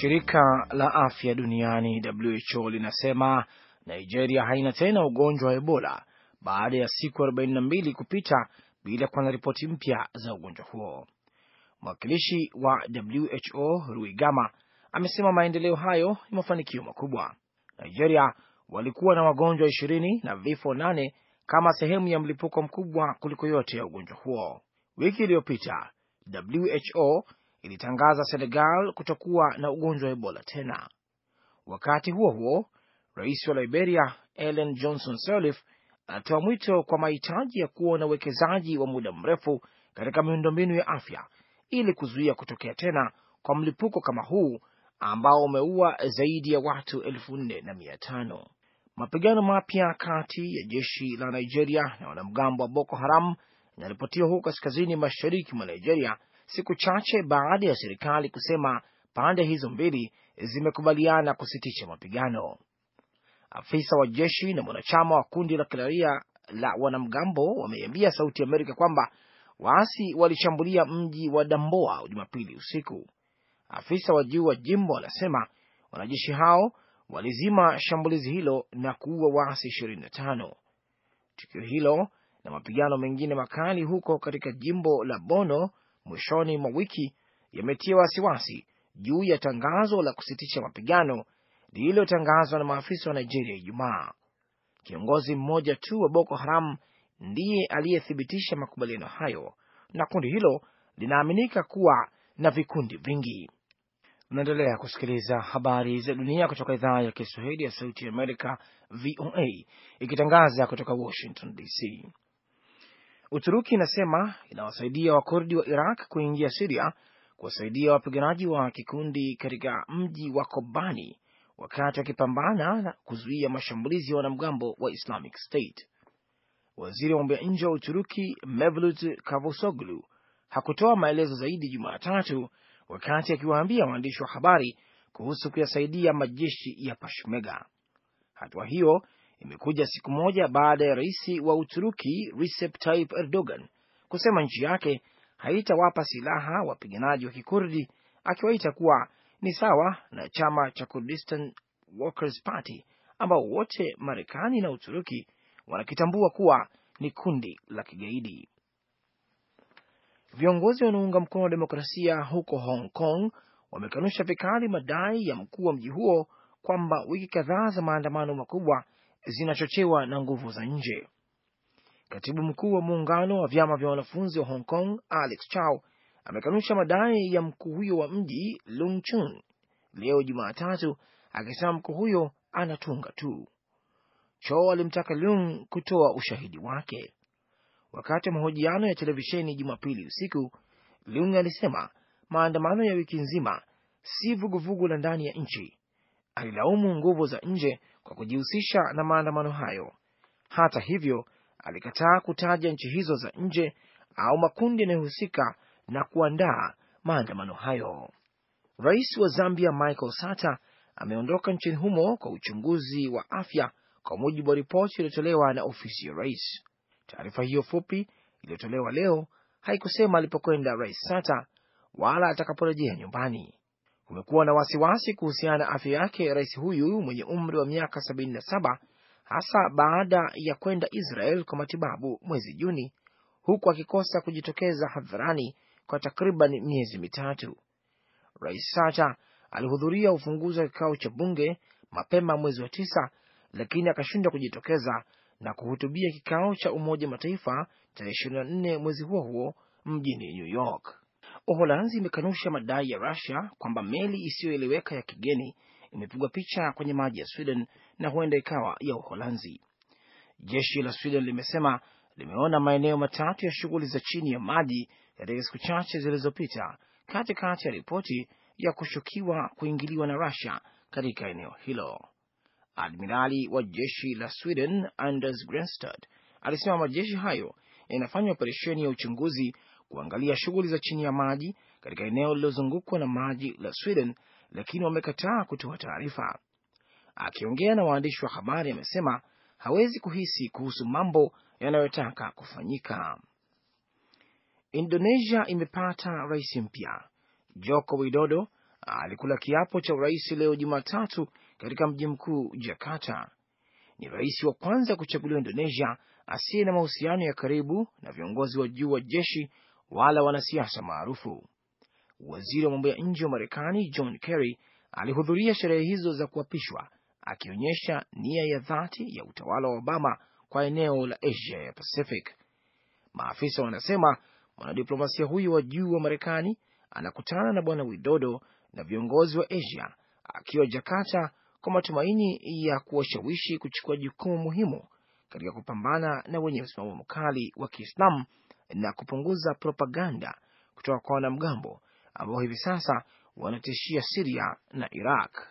Shirika la afya duniani WHO linasema Nigeria haina tena ugonjwa wa Ebola baada ya siku 42 kupita bila kuwa na ripoti mpya za ugonjwa huo. Mwakilishi wa WHO rui gama amesema maendeleo hayo ni mafanikio makubwa. Nigeria walikuwa na wagonjwa 20 na vifo 8 kama sehemu ya mlipuko mkubwa kuliko yote ya ugonjwa huo. Wiki iliyopita WHO ilitangaza Senegal kutokuwa na ugonjwa wa Ebola tena. Wakati huo huo, rais wa Liberia Ellen Johnson Sirleaf anatoa mwito kwa mahitaji ya kuwa na uwekezaji wa muda mrefu katika miundombinu ya afya ili kuzuia kutokea tena kwa mlipuko kama huu ambao umeua zaidi ya watu elfu nne na mia tano. Mapigano mapya kati ya jeshi la Nigeria na wanamgambo wa Boko Haram yanaripotiwa huko kaskazini mashariki mwa Nigeria siku chache baada ya serikali kusema pande hizo mbili zimekubaliana kusitisha mapigano. Afisa wa jeshi na mwanachama wa kundi la kiraia la wanamgambo wameiambia Sauti Amerika kwamba waasi walishambulia mji wa Damboa Jumapili usiku. Afisa wa juu wa jimbo anasema wanajeshi hao walizima shambulizi hilo na kuua waasi 25. Tukio hilo na mapigano mengine makali huko katika jimbo la Bono mwishoni mwa wiki yametia wasiwasi juu ya tangazo la kusitisha mapigano lililotangazwa na maafisa wa Nigeria Ijumaa. Kiongozi mmoja tu wa Boko Haram ndiye aliyethibitisha makubaliano hayo, na kundi hilo linaaminika kuwa na vikundi vingi. Unaendelea kusikiliza habari za dunia kutoka idhaa ya Kiswahili ya Sauti ya Amerika, VOA, ikitangaza kutoka Washington DC. Uturuki inasema inawasaidia Wakurdi wa Iraq kuingia Siria kuwasaidia wapiganaji wa kikundi katika mji wa Kobani wakati wakipambana na kuzuia mashambulizi ya wanamgambo wa Islamic State. Waziri wa mambo ya nje wa Uturuki Mevlut Cavusoglu hakutoa maelezo zaidi Jumatatu wakati akiwaambia waandishi wa habari kuhusu kuyasaidia majeshi ya Peshmerga. Hatua hiyo imekuja siku moja baada ya rais wa Uturuki Recep Tayyip Erdogan kusema nchi yake haitawapa silaha wapiganaji wa Kikurdi, akiwaita kuwa ni sawa na chama cha Kurdistan Workers Party ambao wote Marekani na Uturuki wanakitambua kuwa ni kundi la kigaidi. Viongozi wanaounga mkono wa demokrasia huko Hong Kong wamekanusha vikali madai ya mkuu wa mji huo kwamba wiki kadhaa za maandamano makubwa zinachochewa na nguvu za nje. Katibu mkuu wa muungano wa vyama vya wanafunzi wa Hong Kong Alex Chow amekanusha madai ya mkuu huyo wa mji Lung Chun leo Jumatatu, akisema mkuu huyo anatunga tu. cho alimtaka Lung kutoa ushahidi wake. Wakati wa mahojiano ya televisheni Jumapili usiku, Lung alisema maandamano ya wiki nzima si vuguvugu la ndani ya nchi, alilaumu nguvu za nje kwa kujihusisha na maandamano hayo. Hata hivyo, alikataa kutaja nchi hizo za nje au makundi yanayohusika na kuandaa maandamano hayo. Rais wa Zambia Michael Sata ameondoka nchini humo kwa uchunguzi wa afya, kwa mujibu wa ripoti iliyotolewa na ofisi ya rais. Taarifa hiyo fupi iliyotolewa leo haikusema alipokwenda Rais Sata wala atakaporejea nyumbani. Kumekuwa na wasiwasi kuhusiana na afya yake rais huyu mwenye umri wa miaka 77 hasa baada ya kwenda Israel kwa matibabu mwezi Juni, huku akikosa kujitokeza hadharani kwa takriban miezi mitatu. Rais Sata alihudhuria ufunguzi wa kikao cha bunge mapema mwezi wa tisa, lakini akashindwa kujitokeza na kuhutubia kikao cha Umoja Mataifa tarehe 24 mwezi huo huo mjini New York. Uholanzi imekanusha madai ya Rusia kwamba meli isiyoeleweka ya kigeni imepigwa picha kwenye maji ya Sweden na huenda ikawa ya Uholanzi. Jeshi la Sweden limesema limeona maeneo matatu ya shughuli za chini ya maji katika siku chache zilizopita, katikati ya ripoti ya kushukiwa kuingiliwa na Rusia katika eneo hilo. Admirali wa jeshi la Sweden Anders Grenstad alisema majeshi hayo yanafanya operesheni ya uchunguzi kuangalia shughuli za chini ya maji katika eneo lililozungukwa na maji la Sweden, lakini wamekataa kutoa taarifa. Akiongea na waandishi wa habari, amesema hawezi kuhisi kuhusu mambo yanayotaka kufanyika. Indonesia imepata rais mpya. Joko Widodo alikula kiapo cha urais leo Jumatatu katika mji mkuu Jakarta. Ni rais wa kwanza kuchaguliwa Indonesia asiye na mahusiano ya karibu na viongozi wa juu wa jeshi wala wanasiasa maarufu. Waziri wa mambo ya nje wa Marekani John Kerry alihudhuria sherehe hizo za kuapishwa, akionyesha nia ya dhati ya utawala wa Obama kwa eneo la Asia ya Pacific. Maafisa wanasema mwanadiplomasia huyo wa juu wa Marekani anakutana na Bwana Widodo na viongozi wa Asia akiwa Jakarta kwa matumaini ya kuwashawishi kuchukua jukumu muhimu katika kupambana na wenye msimamo mkali wa Kiislamu na kupunguza propaganda kutoka kwa wanamgambo ambao hivi sasa wanatishia Siria na Iraq.